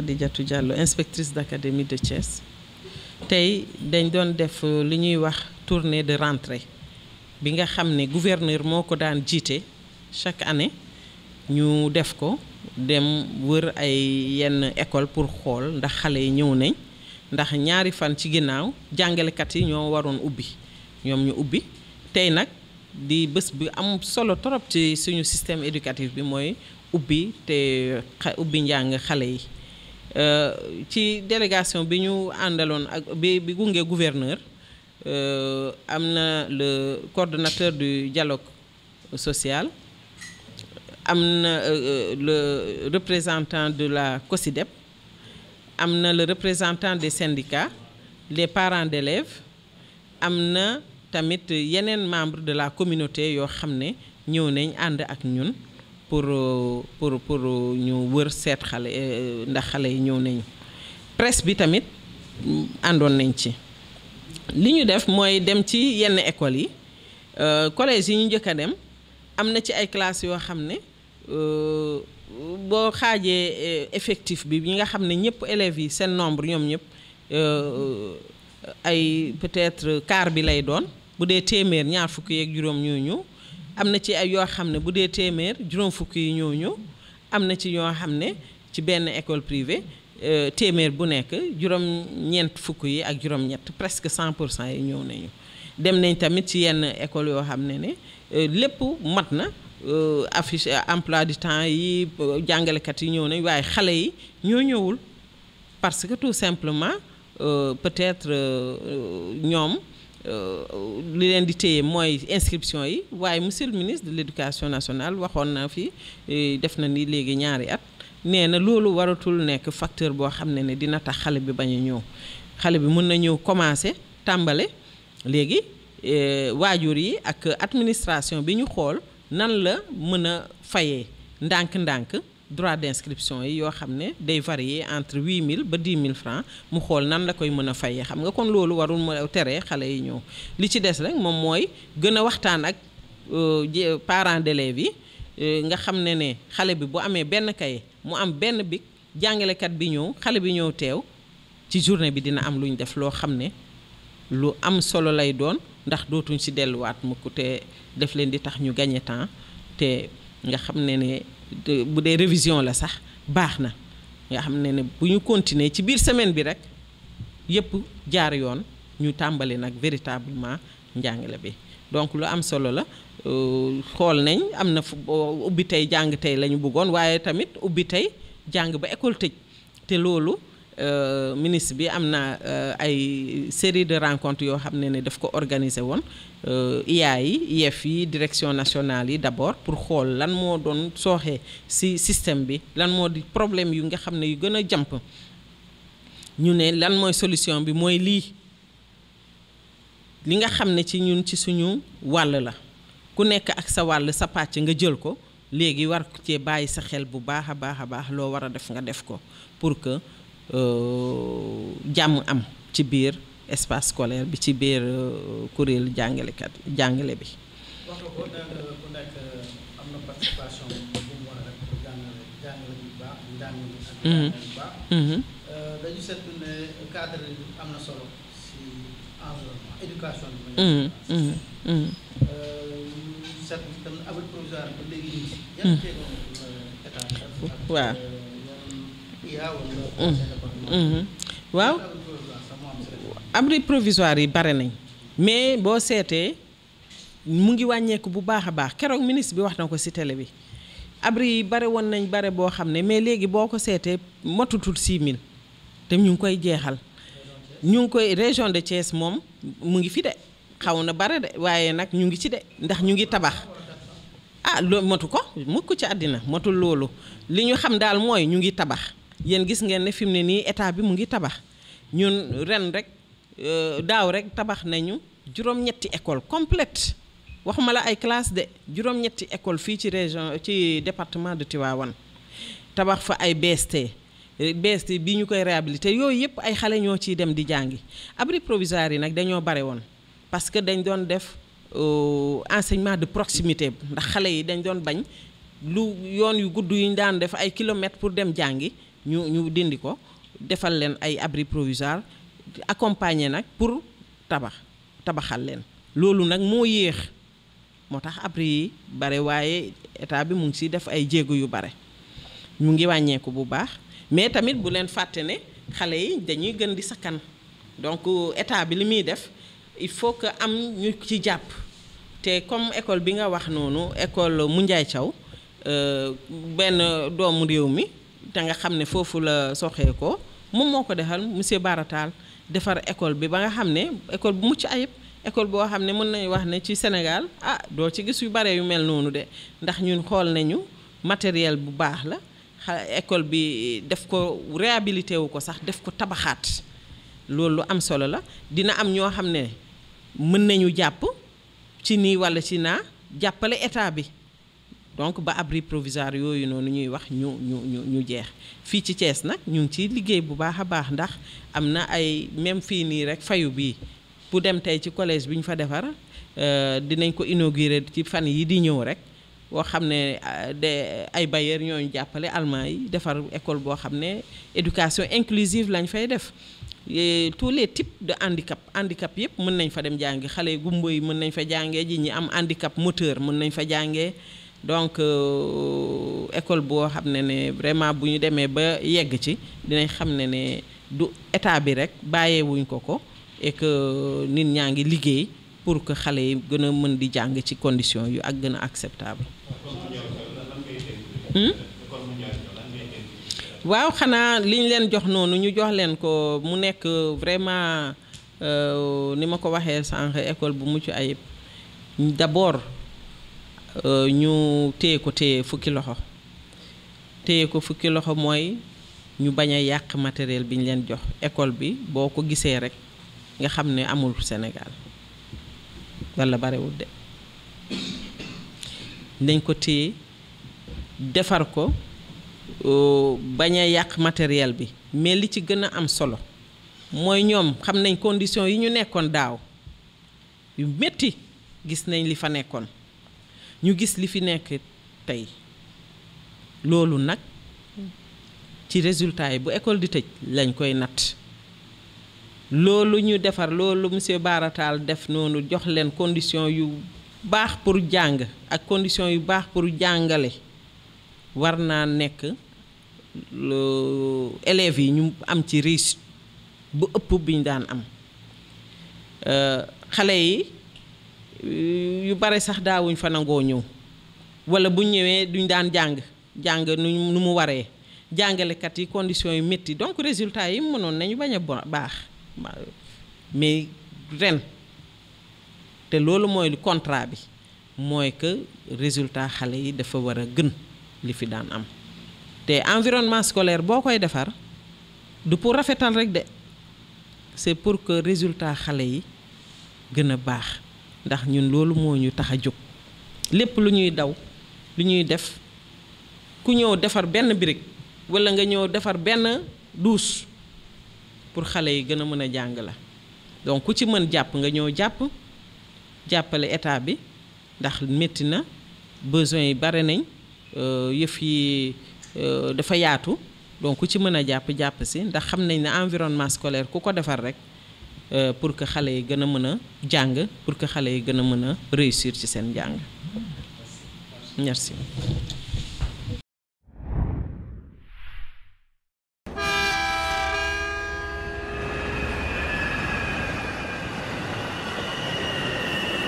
Khadijatou Diallo inspectrice d'académie de Thiès tey dañ doon def euh, li ñuy wax tournée de rentrée bi nga xam ne gouverneur moo ko daan jiite chaque année ñu def ko dem wër ay yenn école pour xool ndax xale yi ñëw nañ ndax ñaari fan ci ginnaaw jàngalekat yi ñoo waroon ubbi ñoom ñu ubbi tey nag di bës bi am solo trop ci suñu système éducatif bi mooy ubbi te ubbi njàng xale yi Euh, ci délégation bi ñu àndaloon ak bi bi gunge gouverneur euh, am na le coordonnateur du dialogue social am na euh, le représentant de la COSIDEP am na le représentant des syndicats les parents d'élèves am na tamit yeneen membres de la communauté yoo xam ne ñëw nañ ànd ak ñun pour pour pour ñu wër seet xale eh, ndax xale yi ñëw nañu presse bi tamit àndoon nañ ci li ñu def mooy dem ci yenn écoles yi euh, collège yi ñu njëkk a dem am na ci ay classes yoo xam ne euh, boo xaajee eh, effectif bi ñi nga xam ne ñëpp élèves yi seen nombre ñoom ñëpp euh, ay peut-être quart bi lay doon bu dee téeméer ñaar fukki yeeg juróom ñoo ñëw am na ci ay yoo xam ne bu dee téeméer juróom fukk yi ñoo ñëw am na ci yoo xam ne ci benn école privée euh, téeméer bu nekk juróom ñeent fukk yi ak juróom ñett presque 100 pour cent yi ñëw nañu dem nañ tamit ci yenn école yoo xam ne ne euh, lépp mat na euh, affiche emplois du temps yi jàngalekat yi ñëw nañ waaye xale yi ñoo ñëwul parce que tout simplement peut-être ñoom Euh, li leen di téye mooy inscription yi waaye monsieur le ministre de l'éducation nationale waxoon na fi eh, def na ni léegi ñaari at nee na loolu waratul nekk facteur boo xam ne ne dina tax xale bi bañu ñëw xale bi mën na ñëw commencer tàmbale léegi eh, waajur yi ak administration bi ñu xool nan la mën a fayee ndànk-ndànk droit d'inscription yi yoo xam ne day varier entre huit mille ba dix mille francs mu xool nan la koy mën a fayee xam nga kon loolu warul ma tere xale yi ñëw li ci des rek moom mooy gën a waxtaan ak euh, parents d'élèves yi euh, nga xam ne ne xale bi bu amee benn kaye mu am benn bic jàngalekat bi ñëw xale bi ñëw teew ci journée bi dina am lu ñu def loo xam ne lu am solo lay doon ndax dootuñ ci delluwaat mukk te def leen di tax ñu gagner temps te nga xam ne ne bu dee révision la sax baax na nga xam ne ne bu ñu continuer ci biir semaine bi rek yëpp jaar yoon ñu tàmbali nag véritablement njàngale bi donc lu am solo la euh, xool nañ am na fu euh, ubbi tey jàng tey la ñu bëggoon waaye tamit ubbi tey jàng ba école tëj te loolu Euh, ministre bi am na euh, ay série de rencontres yoo xam ne ne daf ko organiser woon euh, IA yi IEF yi direction nationale yi d'abord pour xool lan moo doon sooxee si système bi lan moo di problème yu nga xam ne yu gën a jàmp ñu ne lan mooy solution bi mooy lii li nga xam ne ci ñun ci suñu wàll la ku nekk ak sa wàll sa pàcc nga jël ko léegi war cee bàyyi sa xel bu baax a baax a baax loo war a def nga def ko Euh, jàmm am ci biir espace scolaire bi ci biir euh, kuréel jàngalekat jàngale bi. dañu bi am na solo mhm. Mhm. Mhm. Euh, waaw. Mm-hmm. waaw abri provisoire yi bare nañ mais boo seetee mu ngi wàññeeku bu baax a baax keroog ministre bi wax na ko ci télé bi abri yi bare woon nañ bare boo xam ne mais léegi boo ko seetee motutul 6000 te ñu ngi koy jeexal ñu ngi koy région de Thiès moom mu ngi fi de xaw na bare de waaye nag ñu ngi ci de ndax ñu ngi tabax ah loolu motu ko mukk ci àddina motul loolu li ñu xam daal mooy ñu ngi tabax yéen gis ngeen ne fi mu ne nii état bi mu ngi tabax ñun ren rek euh, daaw rek tabax nañu juróom-ñetti école complète waxuma la ay classe de juróom-ñetti école fii ci région ci département de Tivaouane tabax fa ay BST BST bi ñu koy réhabilité yooyu yëpp ay xale ñoo ciy dem di jàngi abri provisoire yi nag dañoo bare woon parce que dañ doon def euh, enseignement de proximité ndax xale yi dañ doon bañ lu yoon yu gudd yu ñu daan def ay kilomètres pour dem jàngi ñu ñu dindi ko defal leen ay abri provisoire accompagner nag pour tabax tabaxal leen loolu nag moo yéex moo tax abri yi bare waaye état bi mu ngi siy def ay jéego yu bare mu ngi wàññeeku bu baax mais tamit bu leen fàtte ne xale yi dañuy gën di sakkan donc état bi li muy def il faut que am ñu ci jàpp te comme école bi nga wax noonu école mu Moundiaye Thiaw euh, benn doomu réew mi te nga xam ne foofu la soxee ko moom moo ko defal monsieur Baratal defar école bi ba nga xam ne école bu mucc ayib école boo xam ne mën nañu wax ne ci Sénégal ah doo ci gis yu bare yu mel noonu de ndax ñun xool nañu matériel bu baax la xa école bi def ko réhabilité wu ko sax def ko tabaxaat loolu am solo la dina am ñoo xam ne mën nañu jàpp ci nii walla ci naa jàppale état bi. donc ba abri provisoire yooyu noonu ñuy wax ñu ñu ñu ñu jeex fii ci Thiès nag ñu ngi ciy liggéey bu baax a baax ndax am na ay même fii nii rek fayu bii bu dem tey ci collège bi ñu fa defar euh, dinañ ko inaugurer ci fan yi di ñëw rek boo xam ne euh, de ay bailleurs ñooñu jàppale allemand yi defar école boo xam ne éducation inclusive lañ fay def tous les types de handicap handicap yëpp mën nañ fa dem jàngi xale gumba yi mën nañ fa jàngee ji ñi am handicap moteur mën nañ fa jàngee donc euh, école boo xam ne ne vraiment bu ñu demee ba yegg ci dinañ xam ne ne du état bi rek bàyyeewuñ ko ko et euh, nit ñaa ngi liggéey pour que xale yi gën a mën di jàng ci condition yu ak gën a acceptable hmm? waaw xanaa liñ leen jox noonu ñu jox leen ko mu nekk vraiment euh, ni ma ko waxee sànq école bu mucc ayib d'abord Euh, ñu téye ko téye fukki loxo téye ko fukki loxo mooy ñu bañ a yàq matériel bi ñu leen jox école bi boo ko gisee rek nga xam ne amul Sénégal walla barewul de dañ ko téye defar ko euh, bañ a yàq matériel bi mais li ci gën a am solo mooy ñoom xam nañ condition yi ñu nekkoon daaw yu metti gis nañ li fa nekkoon ñu gis li fi nekk tey loolu nag ci résultat yi bu école di tëj lañ koy natt loolu ñu defar loolu muse Baratal def noonu jox leen condition yu baax pour jàng ak condition yu baax pour jàngale war naa nekk élèves yi ñu am ci ris bu ëpp bi ñu daan am euh, xale yi yu bare sax daawuñ fa nangoo ñëw wala bu ñëwee duñ daan jàng jàng nu mu waree jàngalekat yi conditions yu métti donc résultat yi mu mënoon nañu bañ a baax mais ren te loolu mooy contrat bi mooy que résultat xale yi dafa war a gën li fi daan am te environnement scolaire boo koy defar du pour rafetal rek de c'est pour que résultat xale yi gën a baax ndax ñun loolu moo ñu tax a jóg lépp lu ñuy daw lu ñuy def ku ñëw defar benn birig walla nga ñëw defar benn duus pour xale yi gën a mën a jàng la donc ku ci mën jàpp nga ñëw jàpp jàppale état bi ndax métti na besoin yi bari nañ euh, yëf yi euh, dafa yaatu donc ku ci mën a jàpp jàpp si ndax xam nañ ne environnement scolaire ku ko defar rek Euh, pour que xale yi gën a mën a jàng pour que xale yi gën a mën a réussir ci seen jàng merci